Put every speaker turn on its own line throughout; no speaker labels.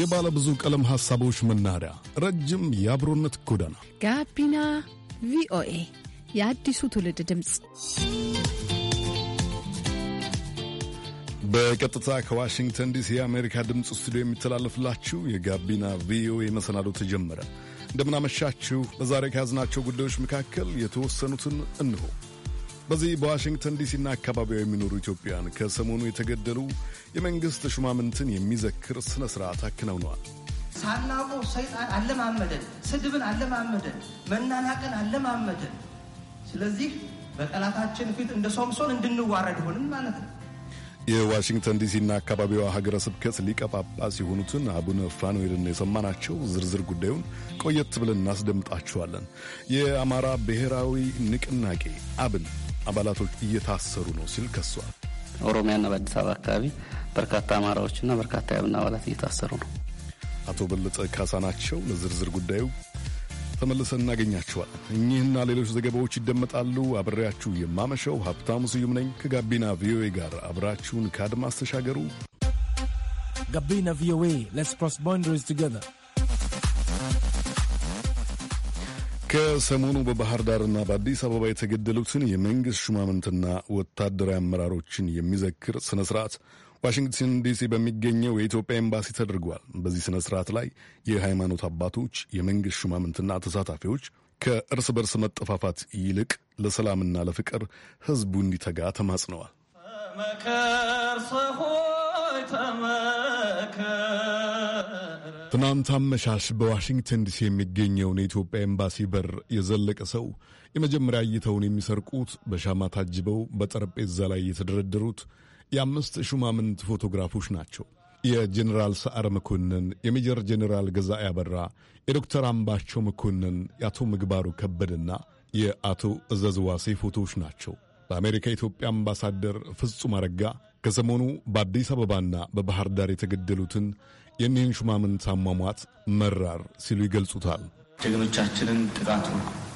የባለ ብዙ ቀለም ሐሳቦች መናኸሪያ፣ ረጅም የአብሮነት ጎዳና
ጋቢና ቪኦኤ የአዲሱ ትውልድ ድምፅ
በቀጥታ ከዋሽንግተን ዲሲ የአሜሪካ ድምፅ ስቱዲዮ የሚተላለፍላችሁ የጋቢና ቪኦኤ መሰናዶ ተጀመረ። እንደምናመሻችሁ። በዛሬ ከያዝናቸው ጉዳዮች መካከል የተወሰኑትን እንሆ በዚህ በዋሽንግተን ዲሲና አካባቢዋ የሚኖሩ ኢትዮጵያን ከሰሞኑ የተገደሉ የመንግሥት ሹማምንትን የሚዘክር ሥነ ሥርዓት አከናውነዋል።
ሳናቆ ሰይጣን አለማመደን፣ ስድብን አለማመደን፣ መናናቅን አለማመደን። ስለዚህ በጠላታችን ፊት እንደ ሶምሶን እንድንዋረድ ሆንን ማለት ነው።
የዋሽንግተን ዲሲና አካባቢዋ ሀገረ ስብከት ሊቀ ጳጳስ የሆኑትን አቡነ ፋኑኤልን የሰማናቸው ዝርዝር ጉዳዩን ቆየት ብለን እናስደምጣችኋለን። የአማራ ብሔራዊ ንቅናቄ አብን አባላቶች እየታሰሩ ነው ሲል ከሷል። ኦሮሚያና በአዲስ አበባ አካባቢ በርካታ አማራዎችና በርካታ የአብን አባላት እየታሰሩ ነው። አቶ በለጠ ካሳ ናቸው። ለዝርዝር ጉዳዩ ተመልሰን እናገኛችኋል። እኚህና ሌሎች ዘገባዎች ይደመጣሉ። አብሬያችሁ የማመሸው ሀብታሙ ስዩም ነኝ። ከጋቢና ቪኦኤ ጋር አብራችሁን ከአድማስ ተሻገሩ። ጋቢና ቪኦኤ ሌትስ ክሮስ ባውንደሪስ ቱጌዘር ከሰሞኑ በባህር ዳርና በአዲስ አበባ የተገደሉትን የመንግሥት ሹማምንትና ወታደራዊ አመራሮችን የሚዘክር ሥነ ሥርዓት ዋሽንግተን ዲሲ በሚገኘው የኢትዮጵያ ኤምባሲ ተደርጓል። በዚህ ሥነ ሥርዓት ላይ የሃይማኖት አባቶች፣ የመንግሥት ሹማምንትና ተሳታፊዎች ከእርስ በርስ መጠፋፋት ይልቅ ለሰላምና ለፍቅር ሕዝቡ እንዲተጋ ተማጽነዋል።
ሰሆይ ተመከር
ትናንት አመሻሽ በዋሽንግተን ዲሲ የሚገኘውን የኢትዮጵያ ኤምባሲ በር የዘለቀ ሰው የመጀመሪያ እይታውን የሚሰርቁት በሻማ ታጅበው በጠረጴዛ ላይ የተደረደሩት የአምስት ሹማምንት ፎቶግራፎች ናቸው። የጀኔራል ሰዓረ መኮንን፣ የሜጀር ጀኔራል ገዛኢ አበራ፣ የዶክተር አምባቸው መኮንን፣ የአቶ ምግባሩ ከበደና የአቶ እዘዝዋሴ ፎቶዎች ናቸው። በአሜሪካ የኢትዮጵያ አምባሳደር ፍጹም አረጋ ከሰሞኑ በአዲስ አበባና በባህር ዳር የተገደሉትን የእኒህን ሹማምንት አሟሟት መራር ሲሉ ይገልጹታል። ጀግኖቻችንን
ጥቃቱ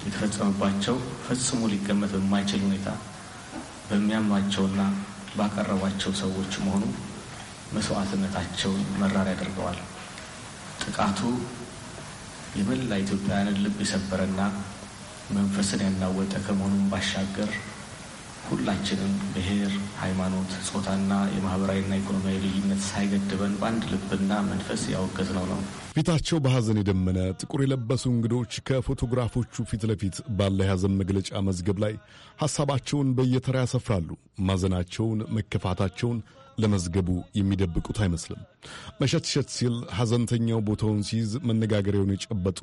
የተፈጸመባቸው ፈጽሞ ሊገመት በማይችል ሁኔታ በሚያማቸውና ባቀረቧቸው ሰዎች መሆኑ መስዋዕትነታቸውን መራር ያደርገዋል። ጥቃቱ የመላ ኢትዮጵያውያንን ልብ የሰበረና መንፈስን ያናወጠ ከመሆኑን ባሻገር ሁላችንም ብሔር፣ ሃይማኖት፣ ጾታና የማህበራዊና ኢኮኖሚያዊ ልዩነት ሳይገድበን በአንድ ልብና መንፈስ ያወገዝነው ነው።
ፊታቸው በሐዘን የደመነ ጥቁር የለበሱ እንግዶች ከፎቶግራፎቹ ፊት ለፊት ባለ የሐዘን መግለጫ መዝገብ ላይ ሐሳባቸውን በየተራ ያሰፍራሉ። ማዘናቸውን፣ መከፋታቸውን ለመዝገቡ የሚደብቁት አይመስልም። መሸትሸት ሲል ሐዘንተኛው ቦታውን ሲይዝ መነጋገሪያውን የጨበጡ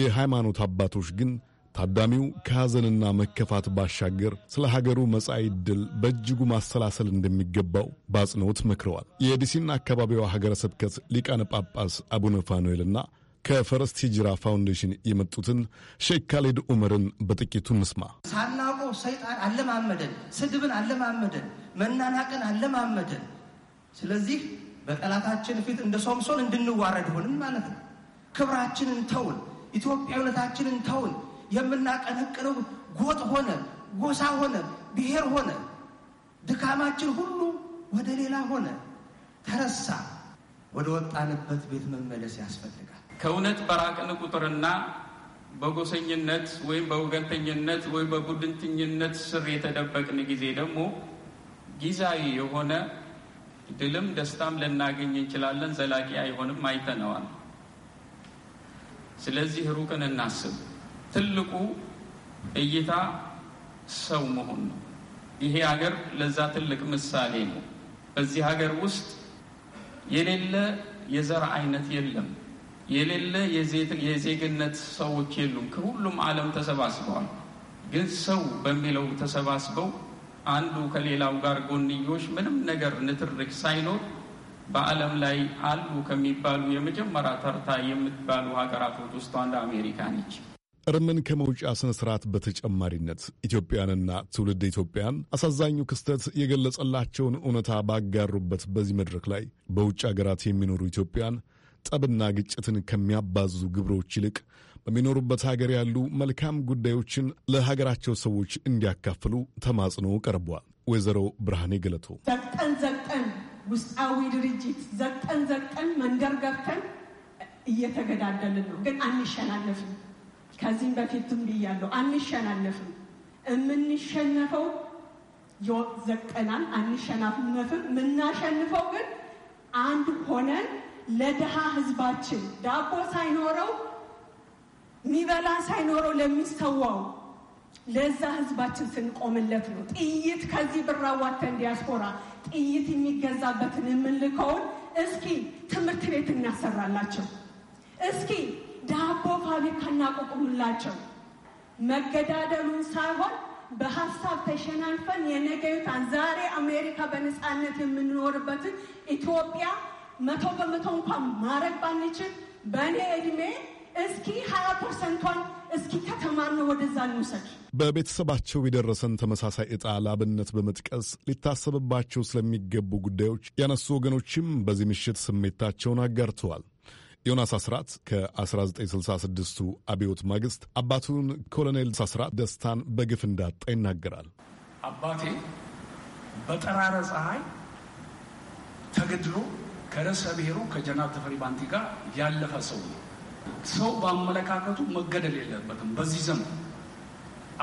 የሃይማኖት አባቶች ግን ታዳሚው ከሐዘንና መከፋት ባሻገር ስለ ሀገሩ መጻኢ ዕድል በእጅጉ ማሰላሰል እንደሚገባው በአጽንኦት መክረዋል። የዲሲና አካባቢዋ ሀገረ ስብከት ሊቃነ ጳጳስ አቡነ ፋኑኤልና ከፈረስት ሂጅራ ፋውንዴሽን የመጡትን ሼክ ካሌድ ኡመርን በጥቂቱ እንስማ።
ሳናቆ ሰይጣን አለማመደን፣ ስድብን አለማመደን፣ መናናቅን አለማመደን። ስለዚህ በጠላታችን ፊት እንደ ሶምሶን እንድንዋረድ ሆንን ማለት ነው። ክብራችንን ተውን፣ ኢትዮጵያዊነታችንን ተውን የምናቀነቅነው ጎጥ ሆነ፣ ጎሳ ሆነ፣ ብሔር ሆነ፣ ድካማችን ሁሉ ወደ ሌላ ሆነ፣ ተረሳ።
ወደ ወጣንበት ቤት መመለስ ያስፈልጋል። ከእውነት በራቅን ቁጥርና በጎሰኝነት ወይም በወገንተኝነት ወይም በቡድንተኝነት ስር የተደበቅን ጊዜ ደግሞ ጊዜያዊ የሆነ ድልም ደስታም ልናገኝ እንችላለን። ዘላቂ አይሆንም፣ አይተነዋል። ስለዚህ ሩቅን እናስብ። ትልቁ እይታ ሰው መሆን ነው። ይሄ ሀገር ለዛ ትልቅ ምሳሌ ነው። በዚህ ሀገር ውስጥ የሌለ የዘር አይነት የለም። የሌለ የዜግነት ሰዎች የሉም። ከሁሉም ዓለም ተሰባስበዋል። ግን ሰው በሚለው ተሰባስበው አንዱ ከሌላው ጋር ጎንዮሽ ምንም ነገር ንትርክ ሳይኖር በዓለም ላይ አሉ ከሚባሉ የመጀመሪያ ተርታ የምትባሉ ሀገራቶች ውስጥ አንዱ አሜሪካ ነች።
ቀድመን ከመውጫ ስነ ስርዓት በተጨማሪነት ኢትዮጵያንና ትውልድ ኢትዮጵያን አሳዛኙ ክስተት የገለጸላቸውን እውነታ ባጋሩበት በዚህ መድረክ ላይ በውጭ አገራት የሚኖሩ ኢትዮጵያን ጠብና ግጭትን ከሚያባዙ ግብሮች ይልቅ በሚኖሩበት ሀገር ያሉ መልካም ጉዳዮችን ለሀገራቸው ሰዎች እንዲያካፍሉ ተማጽኖ ቀርቧል። ወይዘሮ ብርሃኔ ገለቶ
ዘቅጠን ዘቅጠን ውስጣዊ ድርጅት ዘቅጠን ዘቅጠን መንገር ገብተን እየተገዳደልን ነው፣ ግን አንሸናለፍም። ከዚህም በፊትም ብያለሁ፣ አንሸናነፍም። የምንሸነፈው ዘቀናን አንሸናፍነፍም። የምናሸንፈው ግን አንድ ሆነን ለድሃ ህዝባችን ዳቦ ሳይኖረው ሚበላ ሳይኖረው ለሚሰዋው ለዛ ህዝባችን ስንቆምለት ነው። ጥይት ከዚህ ብራዋተን ዲያስፖራ ጥይት የሚገዛበትን የምንልከውን እስኪ ትምህርት ቤት እናሰራላቸው። እስኪ ፋብሪካ እናቆቁሙላቸው። መገዳደሉን ሳይሆን በሀሳብ ተሸናንፈን የነገዩታን ዛሬ አሜሪካ በነፃነት የምንኖርበትን ኢትዮጵያ መቶ በመቶ እንኳን ማድረግ ባንችል በእኔ እድሜ እስኪ ሀያ ፐርሰንቷን እስኪ ከተማርነ ወደዛ እንውሰድ።
በቤተሰባቸው የደረሰን ተመሳሳይ እጣ ላብነት በመጥቀስ ሊታሰብባቸው ስለሚገቡ ጉዳዮች ያነሱ ወገኖችም በዚህ ምሽት ስሜታቸውን አጋርተዋል። ዮናስ አስራት ከ1966ቱ አብዮት ማግስት አባቱን ኮሎኔል አስራት ደስታን በግፍ እንዳጣ ይናገራል።
አባቴ በጠራራ ፀሐይ ተገድሎ ከርዕሰ ብሔሩ ከጀነራል ተፈሪ ባንቲ ጋር ያለፈ ሰው ነው። ሰው በአመለካከቱ መገደል የለበትም። በዚህ ዘመን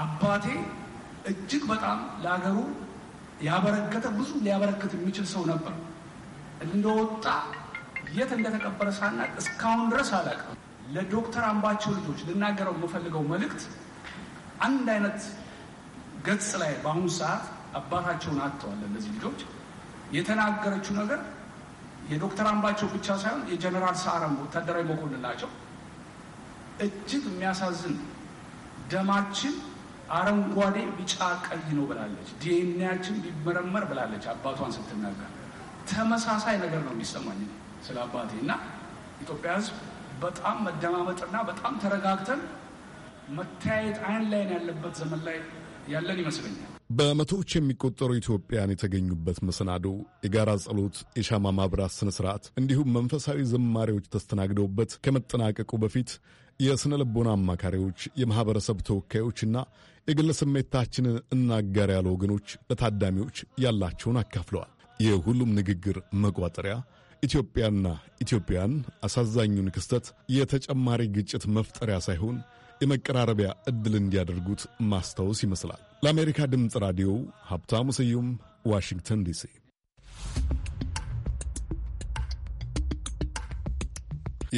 አባቴ እጅግ በጣም ለሀገሩ ያበረከተ ብዙ ሊያበረከት የሚችል ሰው ነበር። እንደወጣ የት እንደተቀበረ ሳናቅ እስካሁን ድረስ አላውቅም። ለዶክተር አምባቸው ልጆች ልናገረው የምፈልገው መልእክት አንድ አይነት ገጽ ላይ በአሁኑ ሰዓት አባታቸውን አጥተዋል። እነዚህ ልጆች የተናገረችው ነገር የዶክተር አምባቸው ብቻ ሳይሆን የጀኔራል ሰዓረም ወታደራዊ መኮንን ናቸው። እጅግ የሚያሳዝን ደማችን አረንጓዴ፣ ቢጫ፣ ቀይ ነው ብላለች። ዲኤንኤያችን ቢመረመር ብላለች አባቷን ስትናገር። ተመሳሳይ ነገር ነው የሚሰማኝ ነው ስለ አባቴ እና ኢትዮጵያ ህዝብ በጣም መደማመጥና በጣም ተረጋግተን መተያየት አይን ላይን ያለበት ዘመን ላይ ያለን ይመስለኛል።
በመቶዎች የሚቆጠሩ ኢትዮጵያን የተገኙበት መሰናዶ፣ የጋራ ጸሎት፣ የሻማ ማብራት ስነ ስርዓት እንዲሁም መንፈሳዊ ዘማሪዎች ተስተናግደውበት ከመጠናቀቁ በፊት የሥነ ልቦና አማካሪዎች፣ የማኅበረሰብ ተወካዮችና የግለ ስሜታችንን እናጋር ያሉ ወገኖች ለታዳሚዎች ያላቸውን አካፍለዋል። የሁሉም ንግግር መቋጠሪያ ኢትዮጵያና ኢትዮጵያን አሳዛኙን ክስተት የተጨማሪ ግጭት መፍጠሪያ ሳይሆን የመቀራረቢያ ዕድል እንዲያደርጉት ማስታወስ ይመስላል። ለአሜሪካ ድምፅ ራዲዮ ሀብታሙ ስዩም ዋሽንግተን ዲሲ።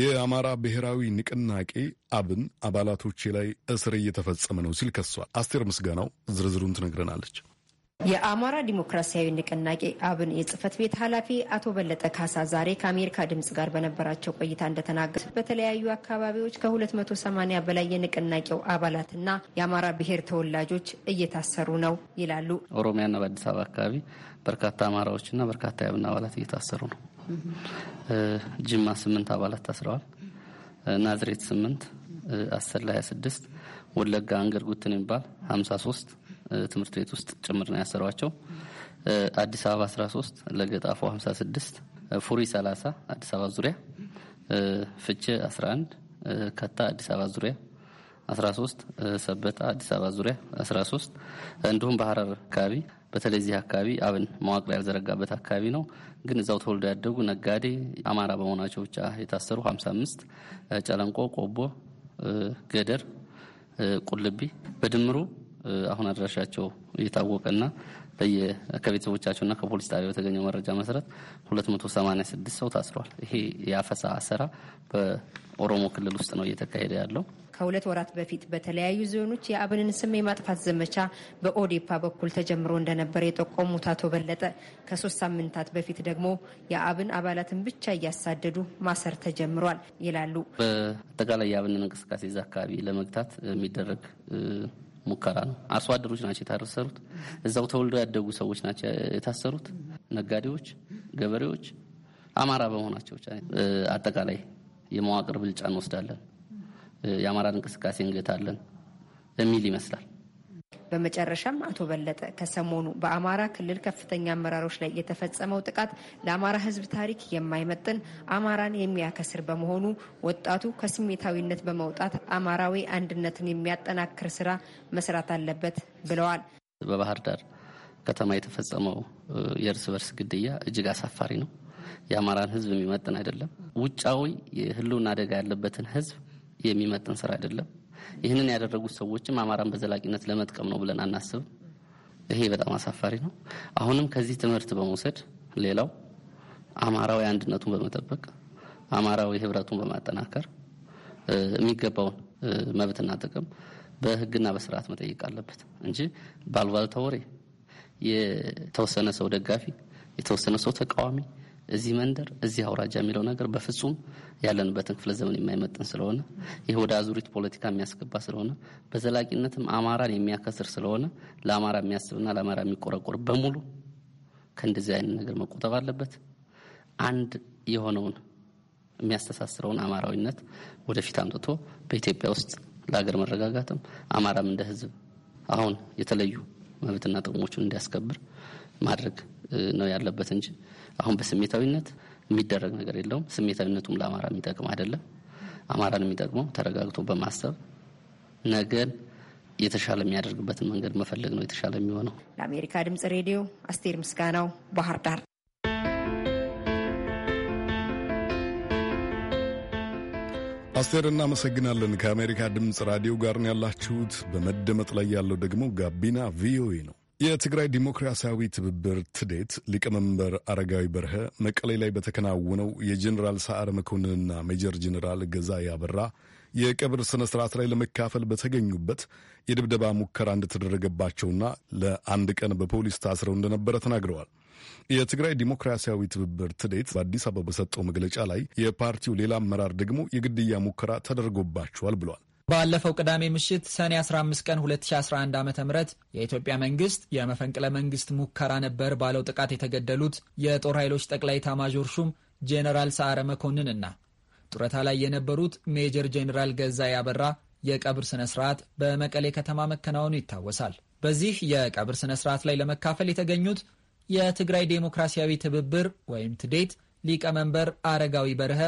የአማራ ብሔራዊ ንቅናቄ አብን አባላቶቼ ላይ እስር እየተፈጸመ ነው ሲል ከሷል። አስቴር ምስጋናው ዝርዝሩን ትነግረናለች።
የአማራ ዲሞክራሲያዊ ንቅናቄ አብን የጽህፈት ቤት ኃላፊ አቶ በለጠ ካሳ ዛሬ ከአሜሪካ ድምጽ ጋር በነበራቸው ቆይታ እንደተናገሩ በተለያዩ አካባቢዎች ከ280 በላይ የንቅናቄው አባላትና የአማራ ብሔር ተወላጆች እየታሰሩ ነው ይላሉ።
ኦሮሚያና በአዲስ አበባ አካባቢ በርካታ አማራዎችና በርካታ የአብን አባላት እየታሰሩ ነው። ጅማ ስምንት አባላት ታስረዋል። ናዝሬት ስምንት አሰላ 26 ወለጋ አንገር ጉትን የሚባል 53 ትምህርት ቤት ውስጥ ጭምር ነው ያሰሯቸው። አዲስ አበባ 13፣ ለገጣፎ 56፣ ፉሪ 30 አዲስ አበባ ዙሪያ፣ ፍቼ 11፣ ከታ አዲስ አበባ ዙሪያ 13፣ ሰበታ አዲስ አበባ ዙሪያ 13 እንዲሁም በሀረር አካባቢ በተለይ እዚህ አካባቢ አብን መዋቅር ያልዘረጋበት አካባቢ ነው። ግን እዛው ተወልዶ ያደጉ ነጋዴ አማራ በመሆናቸው ብቻ የታሰሩ 55 ጨለንቆ፣ ቆቦ፣ ገደር፣ ቁልቢ በድምሩ አሁን አድራሻቸው እየታወቀና ከቤተሰቦቻቸውና ከፖሊስ ጣቢያ በተገኘው መረጃ መሰረት 286 ሰው ታስሯል። ይሄ የአፈሳ አሰራ በኦሮሞ ክልል ውስጥ ነው እየተካሄደ ያለው።
ከሁለት ወራት በፊት በተለያዩ ዞኖች የአብንን ስም የማጥፋት ዘመቻ በኦዴፓ በኩል ተጀምሮ እንደነበረ የጠቆሙት አቶ በለጠ ከሶስት ሳምንታት በፊት ደግሞ የአብን አባላትን ብቻ እያሳደዱ ማሰር ተጀምሯል ይላሉ።
በአጠቃላይ የአብንን እንቅስቃሴ እዛ አካባቢ ለመግታት የሚደረግ ሙከራ ነው። አርሶ አደሮች ናቸው የታሰሩት። እዛው ተወልደው ያደጉ ሰዎች ናቸው የታሰሩት። ነጋዴዎች፣ ገበሬዎች አማራ በመሆናቸው ብቻ አጠቃላይ የመዋቅር ብልጫ እንወስዳለን፣ የአማራን እንቅስቃሴ እንገታለን የሚል ይመስላል።
በመጨረሻም አቶ በለጠ ከሰሞኑ በአማራ ክልል ከፍተኛ አመራሮች ላይ የተፈጸመው ጥቃት ለአማራ ሕዝብ ታሪክ የማይመጥን አማራን የሚያከስር በመሆኑ ወጣቱ ከስሜታዊነት በመውጣት አማራዊ አንድነትን የሚያጠናክር ስራ መስራት አለበት ብለዋል።
በባህር ዳር ከተማ የተፈጸመው የእርስ በርስ ግድያ እጅግ አሳፋሪ ነው። የአማራን ሕዝብ የሚመጥን አይደለም። ውጫዊ የህልውና አደጋ ያለበትን ሕዝብ የሚመጥን ስራ አይደለም። ይህንን ያደረጉት ሰዎችም አማራን በዘላቂነት ለመጥቀም ነው ብለን አናስብም። ይሄ በጣም አሳፋሪ ነው። አሁንም ከዚህ ትምህርት በመውሰድ ሌላው አማራዊ አንድነቱን በመጠበቅ አማራዊ ህብረቱን በማጠናከር የሚገባውን መብትና ጥቅም በህግና በስርዓት መጠየቅ አለበት እንጂ ባልባልታ ወሬ የተወሰነ ሰው ደጋፊ የተወሰነ ሰው ተቃዋሚ እዚህ መንደር፣ እዚህ አውራጃ የሚለው ነገር በፍጹም ያለንበትን ክፍለ ዘመን የማይመጥን ስለሆነ ይህ ወደ አዙሪት ፖለቲካ የሚያስገባ ስለሆነ በዘላቂነትም አማራን የሚያከስር ስለሆነ ለአማራ የሚያስብና ለአማራ የሚቆረቆር በሙሉ ከእንደዚህ አይነት ነገር መቆጠብ አለበት። አንድ የሆነውን የሚያስተሳስረውን አማራዊነት ወደፊት አምጥቶ በኢትዮጵያ ውስጥ ለሀገር መረጋጋትም አማራም እንደ ሕዝብ አሁን የተለዩ መብትና ጥቅሞቹን እንዲያስከብር ማድረግ ነው ያለበት እንጂ አሁን በስሜታዊነት የሚደረግ ነገር የለውም። ስሜታዊነቱም ለአማራ የሚጠቅም አይደለም። አማራን የሚጠቅመው ተረጋግቶ በማሰብ ነገን የተሻለ የሚያደርግበትን መንገድ መፈለግ ነው የተሻለ የሚሆነው።
ለአሜሪካ ድምጽ ሬዲዮ አስቴር ምስጋናው ባህር ዳር።
አስቴር እናመሰግናለን። ከአሜሪካ ድምፅ ራዲዮ ጋር ነው ያላችሁት። በመደመጥ ላይ ያለው ደግሞ ጋቢና ቪኦኤ ነው። የትግራይ ዲሞክራሲያዊ ትብብር ትዴት ሊቀመንበር አረጋዊ በርሀ መቀሌ ላይ በተከናወነው የጀኔራል ሰዓረ መኮንንና ሜጀር ጀኔራል ገዛ ያበራ የቀብር ስነ ስርዓት ላይ ለመካፈል በተገኙበት የድብደባ ሙከራ እንደተደረገባቸውና ለአንድ ቀን በፖሊስ ታስረው እንደነበረ ተናግረዋል። የትግራይ ዲሞክራሲያዊ ትብብር ትዴት በአዲስ አበባ በሰጠው መግለጫ ላይ የፓርቲው ሌላ አመራር ደግሞ የግድያ ሙከራ ተደርጎባቸዋል ብሏል።
ባለፈው ቅዳሜ ምሽት ሰኔ 15 ቀን 2011 ዓ ም የኢትዮጵያ መንግስት የመፈንቅለ መንግስት ሙከራ ነበር ባለው ጥቃት የተገደሉት የጦር ኃይሎች ጠቅላይ ታማዦር ሹም ጄኔራል ሰዓረ መኮንንና ጡረታ ላይ የነበሩት ሜጀር ጄኔራል ገዛ ያበራ የቀብር ስነ ስርዓት በመቀሌ ከተማ መከናወኑ ይታወሳል። በዚህ የቀብር ስነ ስርዓት ላይ ለመካፈል የተገኙት የትግራይ ዴሞክራሲያዊ ትብብር ወይም ትዴት ሊቀመንበር አረጋዊ በርሀ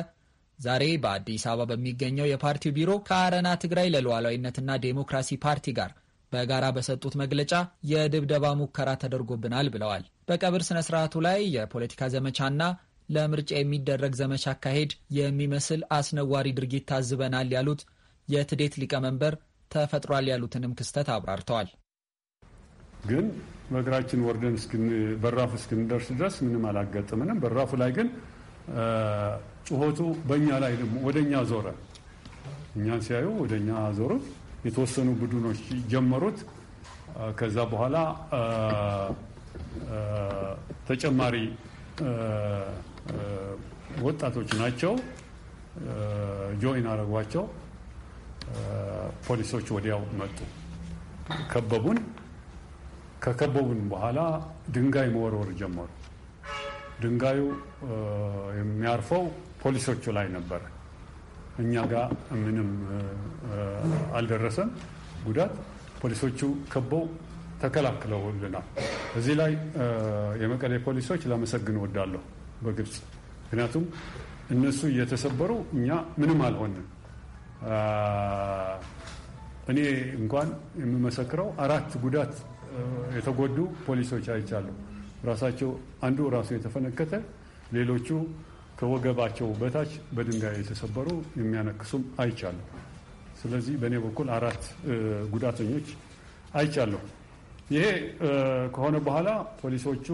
ዛሬ በአዲስ አበባ በሚገኘው የፓርቲው ቢሮ ከአረና ትግራይ ለሉዓላዊነትና ዴሞክራሲ ፓርቲ ጋር በጋራ በሰጡት መግለጫ የድብደባ ሙከራ ተደርጎብናል ብለዋል። በቀብር ስነ ስርዓቱ ላይ የፖለቲካ ዘመቻና ለምርጫ የሚደረግ ዘመቻ አካሄድ የሚመስል አስነዋሪ ድርጊት ታዝበናል ያሉት የትዴት ሊቀመንበር ተፈጥሯል ያሉትንም ክስተት አብራርተዋል።
ግን በእግራችን ወርደን በራፉ እስክንደርስ ድረስ ምንም አላጋጠመንም። በራፉ ላይ ግን ጩኸቱ በእኛ ላይ ደግሞ ወደ እኛ ዞረ። እኛን ሲያዩ ወደ እኛ ዞሩት። የተወሰኑ ቡድኖች ጀመሩት። ከዛ በኋላ ተጨማሪ ወጣቶች ናቸው ጆይን አረጓቸው። ፖሊሶች ወዲያው መጡ፣ ከበቡን። ከከበቡን በኋላ ድንጋይ መወርወር ጀመሩ። ድንጋዩ የሚያርፈው ፖሊሶቹ ላይ ነበር። እኛ ጋር ምንም አልደረሰም ጉዳት። ፖሊሶቹ ከበው ተከላክለውልናል። እዚህ ላይ የመቀሌ ፖሊሶች ላመሰግን ወዳለሁ በግልጽ ምክንያቱም እነሱ እየተሰበሩ እኛ ምንም አልሆንም። እኔ እንኳን የምመሰክረው አራት ጉዳት የተጎዱ ፖሊሶች አይቻለሁ። ራሳቸው አንዱ ራሱ የተፈነከተ ሌሎቹ ከወገባቸው በታች በድንጋይ የተሰበሩ የሚያነክሱም አይቻለሁ። ስለዚህ በእኔ በኩል አራት ጉዳተኞች አይቻለሁ። ይሄ ከሆነ በኋላ ፖሊሶቹ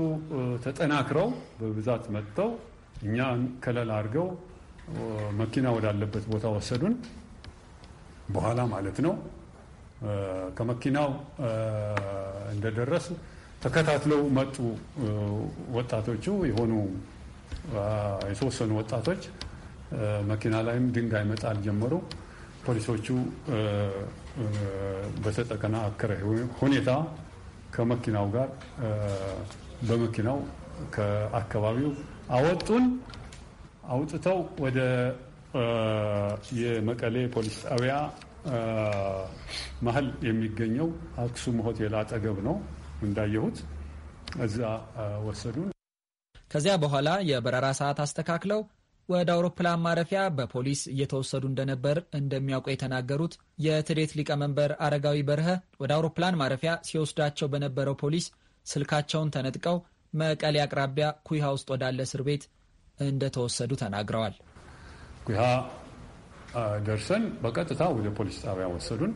ተጠናክረው በብዛት መጥተው እኛ ከለል አድርገው መኪና ወዳለበት ቦታ ወሰዱን። በኋላ ማለት ነው ከመኪናው እንደደረስ ተከታትለው መጡ። ወጣቶቹ የሆኑ የተወሰኑ ወጣቶች መኪና ላይም ድንጋይ መጣል ጀመሩ። ፖሊሶቹ በተጠናከረ ሁኔታ ከመኪናው ጋር በመኪናው ከአካባቢው አወጡን። አውጥተው ወደ የመቀሌ ፖሊስ ጣቢያ መሀል የሚገኘው አክሱም ሆቴል አጠገብ ነው እንዳየሁት እዛ
ወሰዱን። ከዚያ በኋላ የበረራ ሰዓት አስተካክለው ወደ አውሮፕላን ማረፊያ በፖሊስ እየተወሰዱ እንደነበር እንደሚያውቁ የተናገሩት የትዴት ሊቀመንበር አረጋዊ በርሀ ወደ አውሮፕላን ማረፊያ ሲወስዳቸው በነበረው ፖሊስ ስልካቸውን ተነጥቀው መቀሌ አቅራቢያ ኩሃ ውስጥ ወዳለ እስር ቤት እንደተወሰዱ ተናግረዋል።
ኩሃ ደርሰን በቀጥታ ወደ ፖሊስ ጣቢያ ወሰዱን።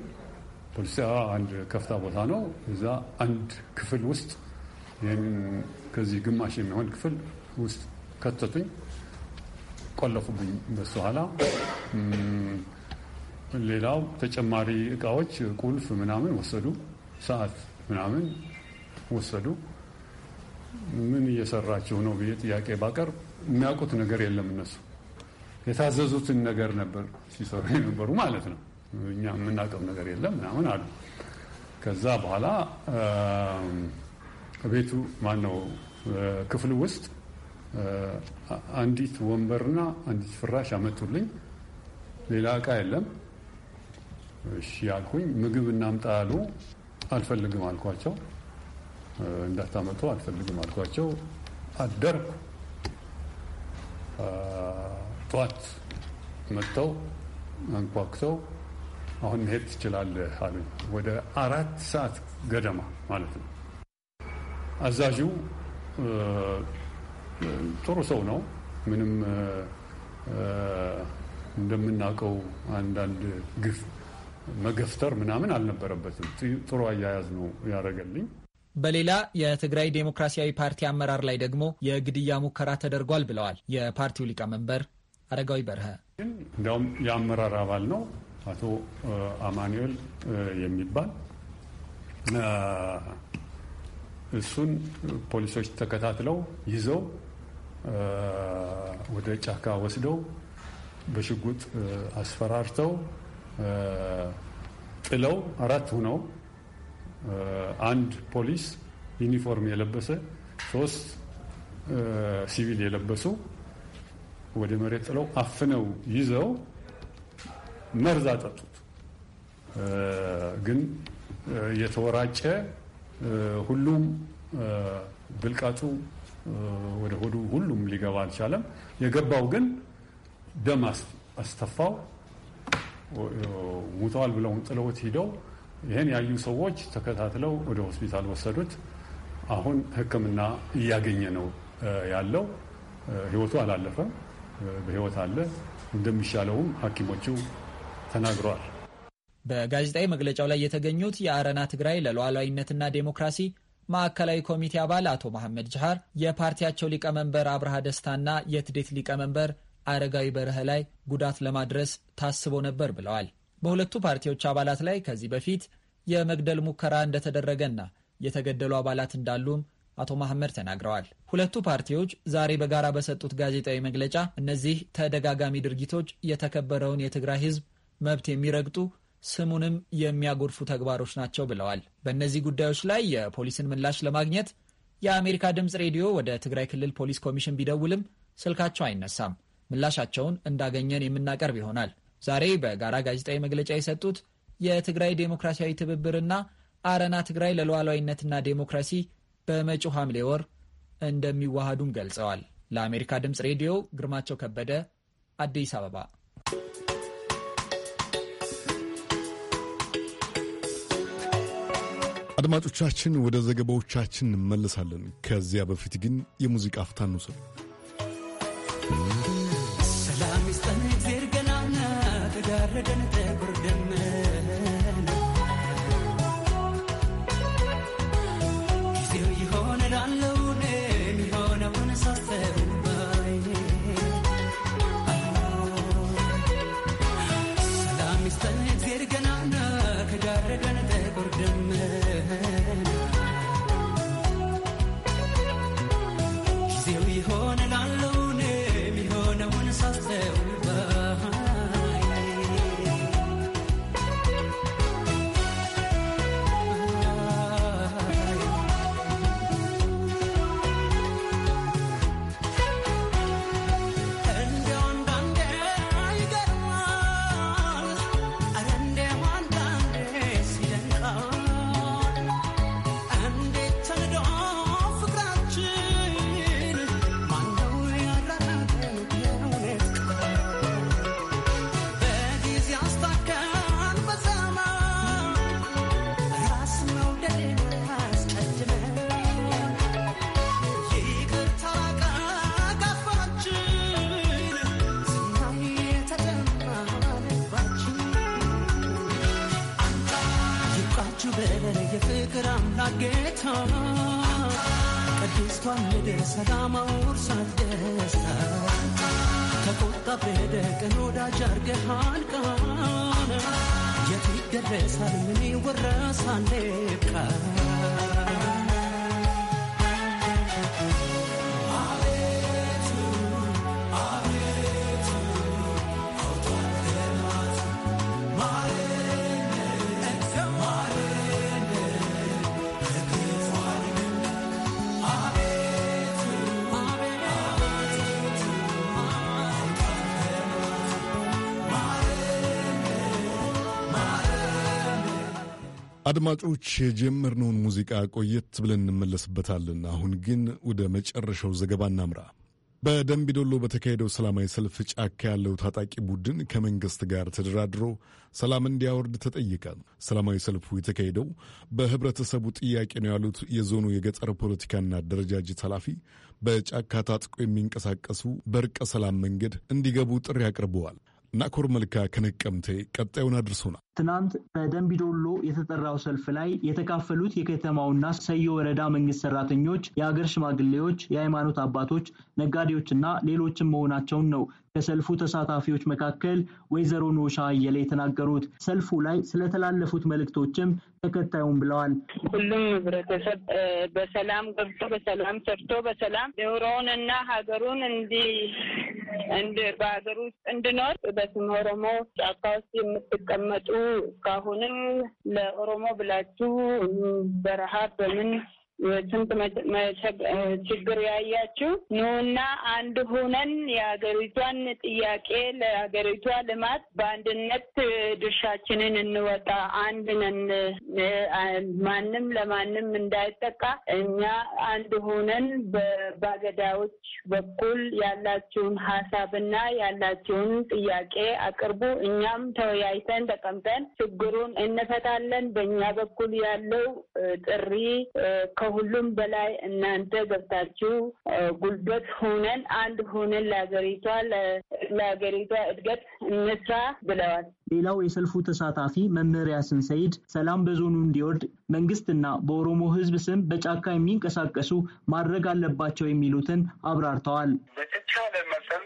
ፖሊስ አንድ ከፍታ ቦታ ነው። እዛ አንድ ክፍል ውስጥ ይህን ከዚህ ግማሽ የሚሆን ክፍል ውስጥ ከተቱኝ፣ ቆለፉብኝ። በሱ ኋላ ሌላው ተጨማሪ እቃዎች ቁልፍ ምናምን ወሰዱ፣ ሰዓት ምናምን ወሰዱ። ምን እየሰራችሁ ነው ብዬ ጥያቄ ባቀር የሚያውቁት ነገር የለም እነሱ የታዘዙትን ነገር ነበር ሲሰሩ የነበሩ ማለት ነው። እኛ የምናውቀው ነገር የለም ምናምን አሉ። ከዛ በኋላ ቤቱ ማነው ክፍሉ ውስጥ አንዲት ወንበርና አንዲት ፍራሽ አመጡልኝ። ሌላ እቃ የለም። እሺ ያልኩኝ። ምግብ እናምጣ አሉ። አልፈልግም አልኳቸው። እንዳታመጡ አልፈልግም አልኳቸው። አደርኩ። ጠዋት መጥተው አንኳኩተው አሁን መሄድ ትችላለህ አሉኝ። ወደ አራት ሰዓት ገደማ ማለት ነው። አዛዡ ጥሩ ሰው ነው። ምንም እንደምናውቀው አንዳንድ ግፍ መገፍተር ምናምን አልነበረበትም። ጥሩ አያያዝ ነው ያደረገልኝ።
በሌላ የትግራይ ዴሞክራሲያዊ ፓርቲ አመራር ላይ ደግሞ የግድያ ሙከራ ተደርጓል ብለዋል የፓርቲው ሊቀመንበር አረጋዊ በርሀ።
እንዲያውም የአመራር አባል ነው አቶ አማኑኤል የሚባል እሱን ፖሊሶች ተከታትለው ይዘው ወደ ጫካ ወስደው በሽጉጥ አስፈራርተው ጥለው አራት ሁነው አንድ ፖሊስ ዩኒፎርም የለበሰ ሶስት ሲቪል የለበሱ ወደ መሬት ጥለው አፍነው ይዘው መርዝ አጠጡት። ግን የተወራጨ ሁሉም ብልቃጡ ወደ ሆዱ ሁሉም ሊገባ አልቻለም። የገባው ግን ደም አስተፋው። ሙተዋል ብለውን ጥለውት ሂደው ይህን ያዩ ሰዎች ተከታትለው ወደ ሆስፒታል ወሰዱት። አሁን ሕክምና እያገኘ ነው ያለው። ህይወቱ አላለፈም፣ በህይወት አለ። እንደሚሻለውም ሐኪሞቹ ተናግረዋል።
በጋዜጣዊ መግለጫው ላይ የተገኙት የአረና ትግራይ ለሉዓላዊነትና ዴሞክራሲ ማዕከላዊ ኮሚቴ አባል አቶ መሐመድ ጅሃር የፓርቲያቸው ሊቀመንበር አብርሃ ደስታና የትዴት ሊቀመንበር አረጋዊ በረህ ላይ ጉዳት ለማድረስ ታስቦ ነበር ብለዋል። በሁለቱ ፓርቲዎች አባላት ላይ ከዚህ በፊት የመግደል ሙከራ እንደተደረገና የተገደሉ አባላት እንዳሉም አቶ ማህመድ ተናግረዋል። ሁለቱ ፓርቲዎች ዛሬ በጋራ በሰጡት ጋዜጣዊ መግለጫ እነዚህ ተደጋጋሚ ድርጊቶች የተከበረውን የትግራይ ህዝብ መብት የሚረግጡ ስሙንም የሚያጎድፉ ተግባሮች ናቸው ብለዋል። በእነዚህ ጉዳዮች ላይ የፖሊስን ምላሽ ለማግኘት የአሜሪካ ድምፅ ሬዲዮ ወደ ትግራይ ክልል ፖሊስ ኮሚሽን ቢደውልም ስልካቸው አይነሳም። ምላሻቸውን እንዳገኘን የምናቀርብ ይሆናል። ዛሬ በጋራ ጋዜጣዊ መግለጫ የሰጡት የትግራይ ዴሞክራሲያዊ ትብብርና አረና ትግራይ ለሉዓላዊነትና ዴሞክራሲ በመጪው ሐምሌ ወር እንደሚዋሃዱም ገልጸዋል። ለአሜሪካ ድምፅ ሬዲዮ ግርማቸው ከበደ አዲስ አበባ
አድማጮቻችን፣ ወደ ዘገባዎቻችን እንመለሳለን። ከዚያ በፊት ግን የሙዚቃ አፍታ እንውሰድ።
ሰላም ይስጠን። እግዜር ገናና ተጋረደን ተጎርደን አድርገሃን ቃና የት ይደረሳል ምን ይወረሳል ቃል
አድማጮች የጀመርነውን ሙዚቃ ቆየት ብለን እንመለስበታለን። አሁን ግን ወደ መጨረሻው ዘገባ እናምራ። በደንቢዶሎ በተካሄደው ሰላማዊ ሰልፍ ጫካ ያለው ታጣቂ ቡድን ከመንግስት ጋር ተደራድሮ ሰላም እንዲያወርድ ተጠየቀ። ሰላማዊ ሰልፉ የተካሄደው በህብረተሰቡ ጥያቄ ነው ያሉት የዞኑ የገጠር ፖለቲካና አደረጃጀት ኃላፊ በጫካ ታጥቆ የሚንቀሳቀሱ በእርቀ ሰላም መንገድ እንዲገቡ ጥሪ አቅርበዋል። ናኮር መልካ ከነቀምቴ ቀጣዩን አድርሶናል።
ትናንት በደንቢዶሎ ዶሎ የተጠራው ሰልፍ ላይ የተካፈሉት የከተማውና ሰዮ ወረዳ መንግስት ሰራተኞች፣ የሀገር ሽማግሌዎች፣ የሃይማኖት አባቶች፣ ነጋዴዎችና ሌሎችም መሆናቸውን ነው ከሰልፉ ተሳታፊዎች መካከል ወይዘሮ ኖሻ አየለ የተናገሩት ሰልፉ ላይ ስለተላለፉት መልእክቶችም ተከታዩም ብለዋል።
ሁሉም ህብረተሰብ በሰላም ገብቶ በሰላም ሰርቶ በሰላም ኑሮውን እና ሀገሩን እንዲ እንድ በሀገር ውስጥ እንድኖር በስም ኦሮሞ ጫካ ውስጥ የምትቀመጡ እስካሁንም ለኦሮሞ ብላችሁ በረሃብ በምን ስንት ችግር ያያችሁ ኑና አንድ ሁነን የሀገሪቷን ጥያቄ ለሀገሪቷ ልማት በአንድነት ድርሻችንን እንወጣ። አንድ ነን፣ ማንም ለማንም እንዳይጠቃ እኛ አንድ ሁነን በባገዳዎች በኩል ያላችሁን ሀሳብና ያላችሁን ጥያቄ አቅርቡ። እኛም ተወያይተን ተቀምጠን ችግሩን እንፈታለን። በእኛ በኩል ያለው ጥሪ ከሁሉም በላይ እናንተ ገብታችሁ ጉልበት ሆነን አንድ ሆነን ለሀገሪቷ ለሀገሪቷ
እድገት እንስራ ብለዋል። ሌላው የሰልፉ ተሳታፊ መምህር ስንሰይድ ሰይድ ሰላም በዞኑ እንዲወርድ መንግስትና በኦሮሞ ሕዝብ ስም በጫካ የሚንቀሳቀሱ ማድረግ አለባቸው የሚሉትን አብራርተዋል። በተቻለ መጠን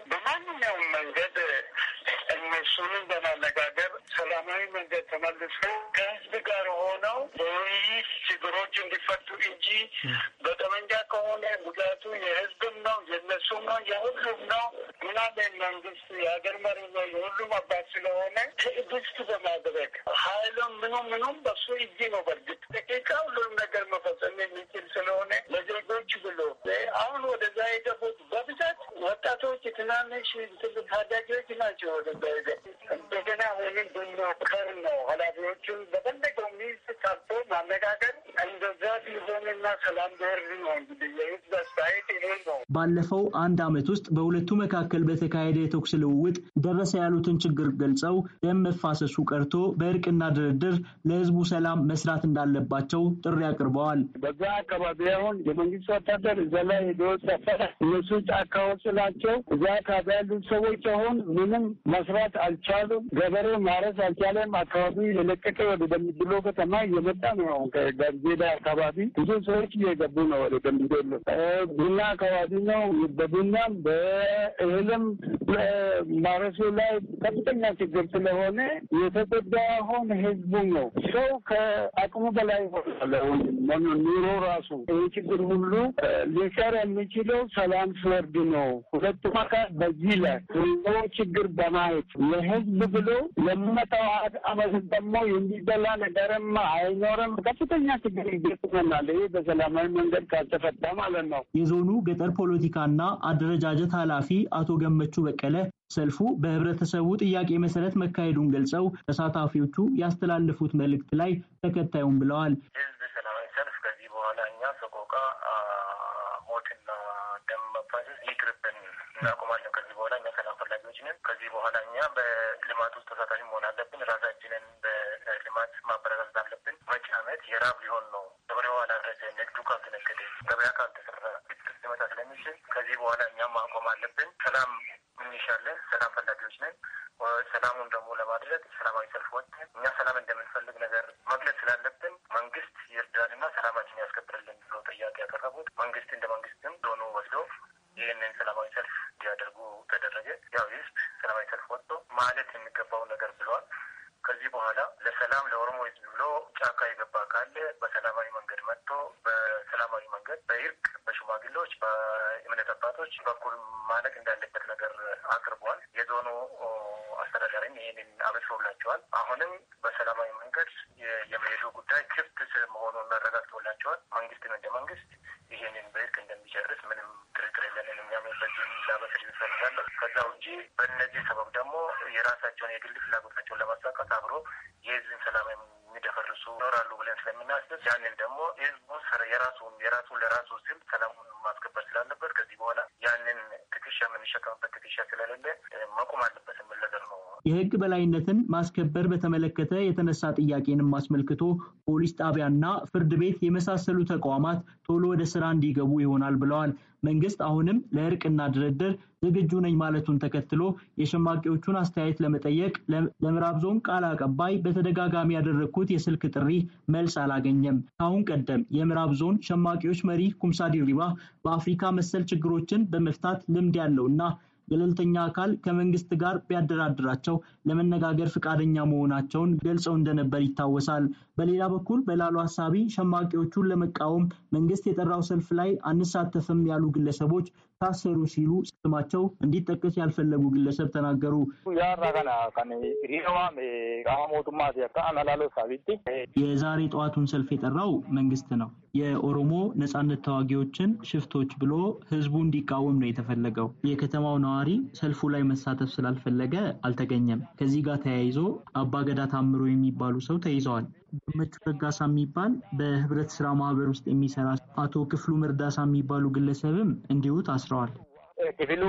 fattu inji batamanja kone bugatu ye hezbun no ye nesunno ye hullum no buna denilen güçlü yadır
marına yollum abbasıyla ona güçlü de madrek. Haylum minum minum basu iddi no bargit. Peki kavlum ne garma fasanne nikil selone lejel göçü bilo. Ve avun o da zayda bu babizat ወጣቶች ትናንሽ ታዳጊዎች ናቸው ወደ እንደገና ወይም ድኖ ከር ነው ኃላፊዎቹን በፈለገው
ሚዝ ሳቶ ማነጋገር እንደዛ ሲሆንና ሰላም ቢወርድ ነው እንግዲህ የህዝብ
አስተያየት ይሄ ነው። ባለፈው አንድ አመት ውስጥ በሁለቱ መካከል በተካሄደ የተኩስ ልውውጥ ደረሰ ያሉትን ችግር ገልጸው ደም መፋሰሱ ቀርቶ በእርቅና ድርድር ለህዝቡ ሰላም መስራት እንዳለባቸው ጥሪ አቅርበዋል።
በዛ አካባቢ አሁን የመንግስት ወታደር እዛ ላይ ሄዶ ሰፈረ። እነሱ ጫካዎች ስላቸው እዛ አካባቢ ያሉት ሰዎች አሁን ምንም መስራት አልቻሉም። ገበሬ ማረስ አልቻለም። አካባቢ የለቀቀ ወደ ደምቢዶሎ ከተማ እየመጣ ነው አሁን ከጋዜ ሜዳ አካባቢ ብዙ ሰዎች እየገቡ ነው ወደ ደምቢዶሎ ቡና አካባቢ ነው። በቡናም በእህልም ማረሱ ላይ ከፍተኛ ችግር ስለሆነ የተጎዳ የተጎዳውን ህዝቡ ነው። ሰው ከአቅሙ በላይ ሆናለ ኑሮ ራሱ ይህ ችግር ሁሉ ሊሰር የሚችለው ሰላም ስወርድ ነው። ሁለቱም አካል በዚህ ላይ ኑሮ ችግር በማየት ለህዝብ ብሎ ለመተዋት አመት ደግሞ የሚበላ ነገርም አይኖርም። ከፍተኛ ችግር ችግር ይገጥመናል። ይህ በሰላማዊ መንገድ ካልተፈታ ማለት ነው።
የዞኑ ገጠር ፖለቲካና አደረጃጀት ኃላፊ አቶ ገመቹ በቀለ ሰልፉ በህብረተሰቡ ጥያቄ መሰረት መካሄዱን ገልጸው ተሳታፊዎቹ ያስተላለፉት መልእክት ላይ ተከታዩም ብለዋል።
ህዝብ ሰላማዊ ሰልፍ ከዚህ በኋላ እኛ ሰቆቃ፣ ሞትና ደም መፋሰስ ይቅርብን፣ እናቆማለን በኋላ እኛ በልማት ውስጥ ተሳታፊ መሆን አለብን። ራሳችንን በልማት ማበረታት አለብን። መጪ ዓመት የራብ ሊሆን ነው። ገበሬው አላረሰ፣ ንግዱ ካልተነገደ፣ ገበያ ካልተሰራ ግጭት ሊመጣ ስለሚችል ከዚህ በኋላ እኛ ማቆም አለብን። ሰላም እንሻለን። ሰላም ፈላጊዎች ነን። ሰላሙን ደግሞ ለማድረግ ሰላማዊ ሰልፍ ወጥተን እኛ ሰላም እንደምንፈልግ ነገር መግለጽ ስላለብን መንግስት ይርዳንና ሰላማችን
ያስከብርልን ብሎ ጥያቄ ያቀረቡት መንግስት እንደ መንግስትም ዞኑ ወስዶ ይህንን ሰላማዊ ሰልፍ እንዲያደርጉ ተደረገ። ያው ህዝብ ሰላማዊ ሰልፍ ወጥቶ ማለት የሚገባውን ነገር ብለዋል። ከዚህ በኋላ ለሰላም ለኦሮሞ ሕዝብ ብሎ ጫካ የገባ ካለ በሰላማዊ መንገድ መጥቶ በሰላማዊ መንገድ በእርቅ በሽማግሌዎች በእምነት አባቶች በኩል ማለቅ እንዳለበት ነገር አቅርቧል። የዞኑ አስተዳዳሪም ይህንን አበስሮላቸዋል። አሁንም
በላይነትን ማስከበር በተመለከተ የተነሳ ጥያቄንም አስመልክቶ ፖሊስ ጣቢያና ፍርድ ቤት የመሳሰሉ ተቋማት ቶሎ ወደ ስራ እንዲገቡ ይሆናል ብለዋል። መንግስት አሁንም ለእርቅና ድርድር ዝግጁ ነኝ ማለቱን ተከትሎ የሸማቂዎቹን አስተያየት ለመጠየቅ ለምዕራብ ዞን ቃል አቀባይ በተደጋጋሚ ያደረግኩት የስልክ ጥሪ መልስ አላገኘም። ከአሁን ቀደም የምዕራብ ዞን ሸማቂዎች መሪ ኩምሳ ዲሪባ በአፍሪካ መሰል ችግሮችን በመፍታት ልምድ ያለውና ገለልተኛ አካል ከመንግስት ጋር ቢያደራድራቸው ለመነጋገር ፈቃደኛ መሆናቸውን ገልጸው እንደነበር ይታወሳል። በሌላ በኩል በላሉ ሀሳቢ ሸማቂዎቹን ለመቃወም መንግስት የጠራው ሰልፍ ላይ አንሳተፍም ያሉ ግለሰቦች ታሰሩ ሲሉ ስማቸው እንዲጠቀስ ያልፈለጉ ግለሰብ ተናገሩ። የዛሬ ጠዋቱን ሰልፍ የጠራው መንግስት ነው። የኦሮሞ ነጻነት ተዋጊዎችን ሽፍቶች ብሎ ህዝቡ እንዲቃወም ነው የተፈለገው። የከተማው ነዋሪ ሰልፉ ላይ መሳተፍ ስላልፈለገ አልተገኘም። ከዚህ ጋር ተያይዞ አባገዳ ታምሮ የሚባሉ ሰው ተይዘዋል። ገመቹ ረጋሳ የሚባል በህብረት ስራ ማህበር ውስጥ የሚሰራ አቶ ክፍሉ ምርዳሳ የሚባሉ ግለሰብም እንዲሁ ታስረዋል ክፍሉ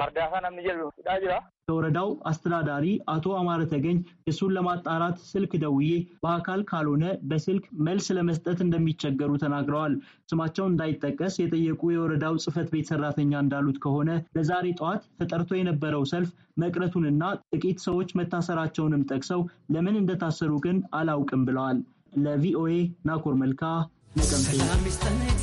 መርዳሳ ናምን ጀሉ ጅራ የወረዳው አስተዳዳሪ አቶ አማረ ተገኝ እሱን ለማጣራት ስልክ ደውዬ በአካል ካልሆነ በስልክ መልስ ለመስጠት እንደሚቸገሩ ተናግረዋል። ስማቸው እንዳይጠቀስ የጠየቁ የወረዳው ጽህፈት ቤት ሰራተኛ እንዳሉት ከሆነ ለዛሬ ጠዋት ተጠርቶ የነበረው ሰልፍ መቅረቱንና ጥቂት ሰዎች መታሰራቸውንም ጠቅሰው ለምን እንደታሰሩ ግን አላውቅም ብለዋል። ለቪኦኤ ናኮር መልካ ነቀምቴ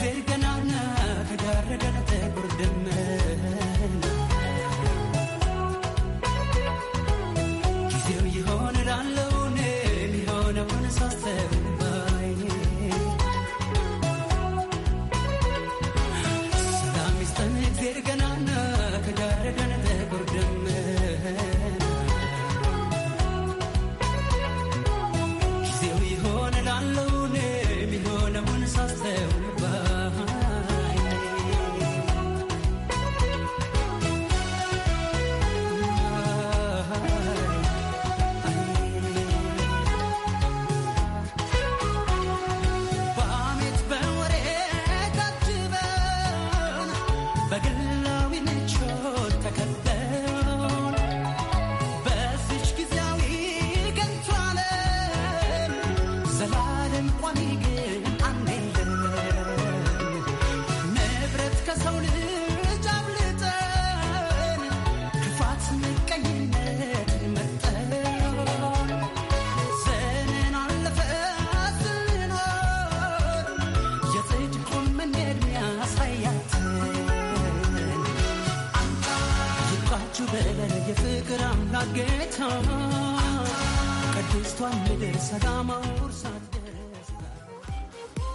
የፍቅር አምላክ ጌታ ቅድስቷን ምድር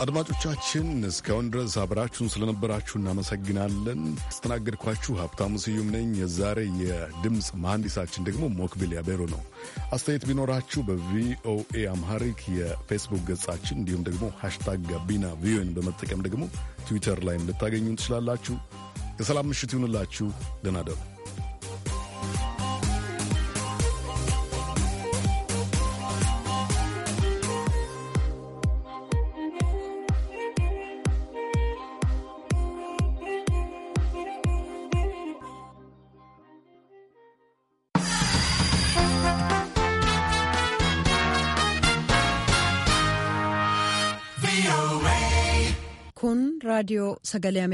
አድማጮቻችን እስካሁን ድረስ አብራችሁን ስለነበራችሁ እናመሰግናለን። አስተናገድኳችሁ ሀብታሙ ስዩም ነኝ። የዛሬ የድምፅ መሐንዲሳችን ደግሞ ሞክቢል ያቤሮ ነው። አስተያየት ቢኖራችሁ በቪኦኤ አምሃሪክ የፌስቡክ ገጻችን እንዲሁም ደግሞ ሃሽታግ ጋቢና ቪኦኤን በመጠቀም ደግሞ ትዊተር ላይ ልታገኙን ትችላላችሁ። የሰላም ምሽት ይሁንላችሁ። ደህና እደሩ።
sagale sagalee